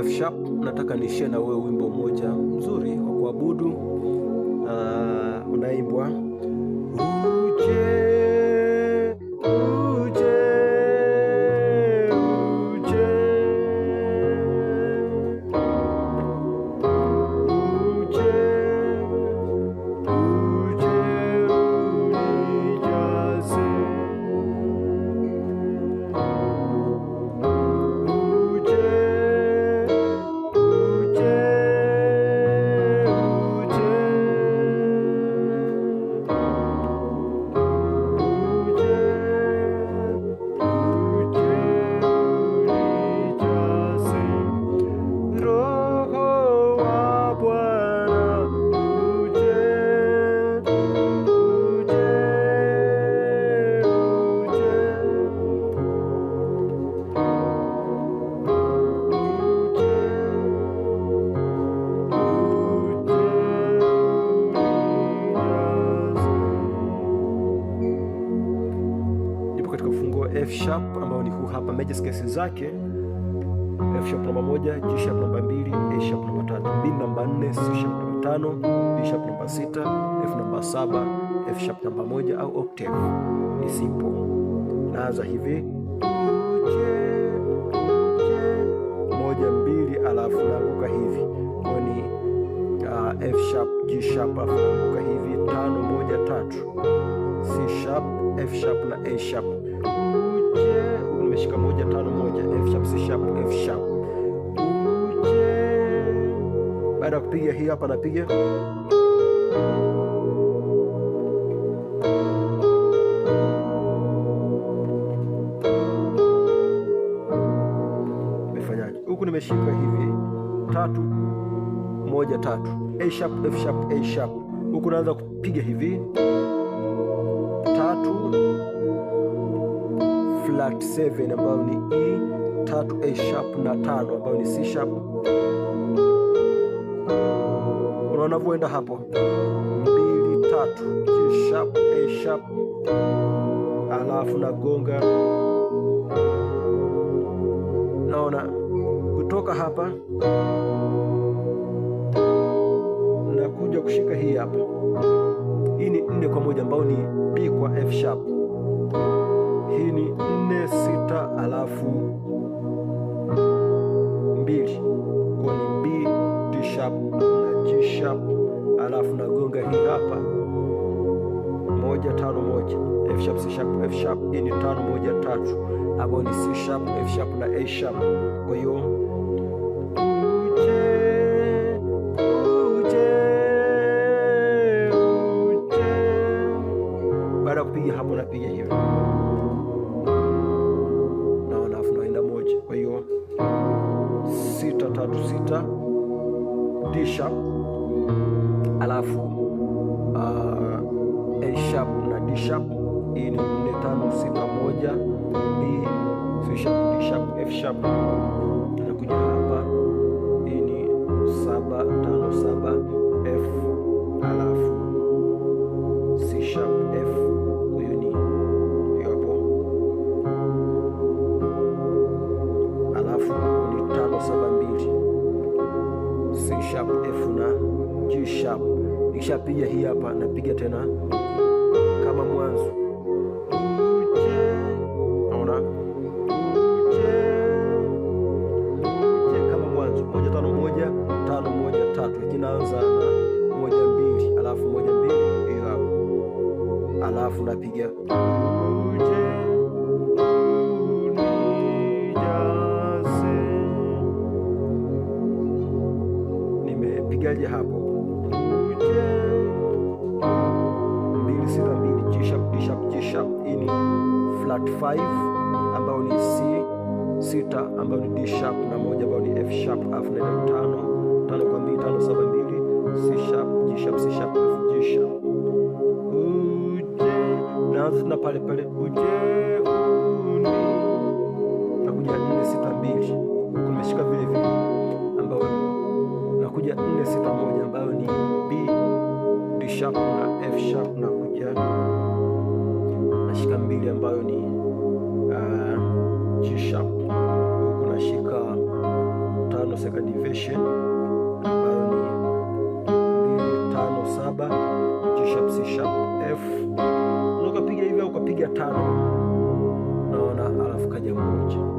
F sharp, nataka share na wewe wimbo mmoja mzuri wa kuabudu uh, unaimbwa F sharp ambao ni huu hapa, major scales zake F sharp namba moja, G sharp namba mbili, A sharp namba tatu, B namba nne, C sharp namba tano, D sharp namba sita, F namba saba, F sharp namba moja au octave. Ni simple. Naanza hivi moja mbili, alafu naanguka hivi ni uh, F sharp, G sharp, alafu naanguka hivi tano moja tatu, C sharp, F sharp na A sharp uje, nimeshika moja tano moja, F sharp C sharp F sharp, uje. Baada ya kupiga hii hapa, napiga nimefanyaje? Huku nimeshika hivi tatu moja tatu, A sharp F sharp A sharp, huku naanza kupiga hivi flat 7 ambayo ni E tatu A sharp na tano ambayo ni C sharp. Unaona voenda hapo, mbili tatu, G sharp, A sharp, alafu nagonga. Naona kutoka hapa nakuja kushika hii hapa, hii ni nne kwa moja ambayo ni B kwa F sharp nne sita alafu mbili kwa ni B D sharp na G sharp, alafu nagonga hii hapa moja tano moja F sharp C sharp F sharp. Hii ni tano moja tatu ambayo ni C sharp F sharp na A sharp. Kwa hiyo baada ya kupiga hapo napiga hivi tatu sita D sharp alafu uh, A sharp na D sharp. Hii e ni nne tano sita moja B e, C sharp D sharp F sharp nakuja hapa. Hii e ni saba tano saba Nikishapiga hii hapa, napiga tena kama mwanzo. Naona kama mwanzo, moja tano moja tano moja tatu, ikinaanza na moja mbili, alafu moja mbili alafu napiga nimepigaje hapo? ni flat 5 ambayo ni C sita ambayo ni D sharp na moja ambayo ni F sharp alafu naenda tano tano kwa mbili tano saba mbili C sharp G sharp C sharp F G sharp uje naanza tena pale pale uje uni nakuja nne sita mbili nimeshika vile vile ambayo nakuja nne sita moja ambayo ni B D sharp na F sharp na ile ambayo ni uh, ah, G sharp, huku nashika tano second division ambayo ni tano saba G sharp C sharp F, ukapiga hivyo ukapiga tano, naona alafu kaja moja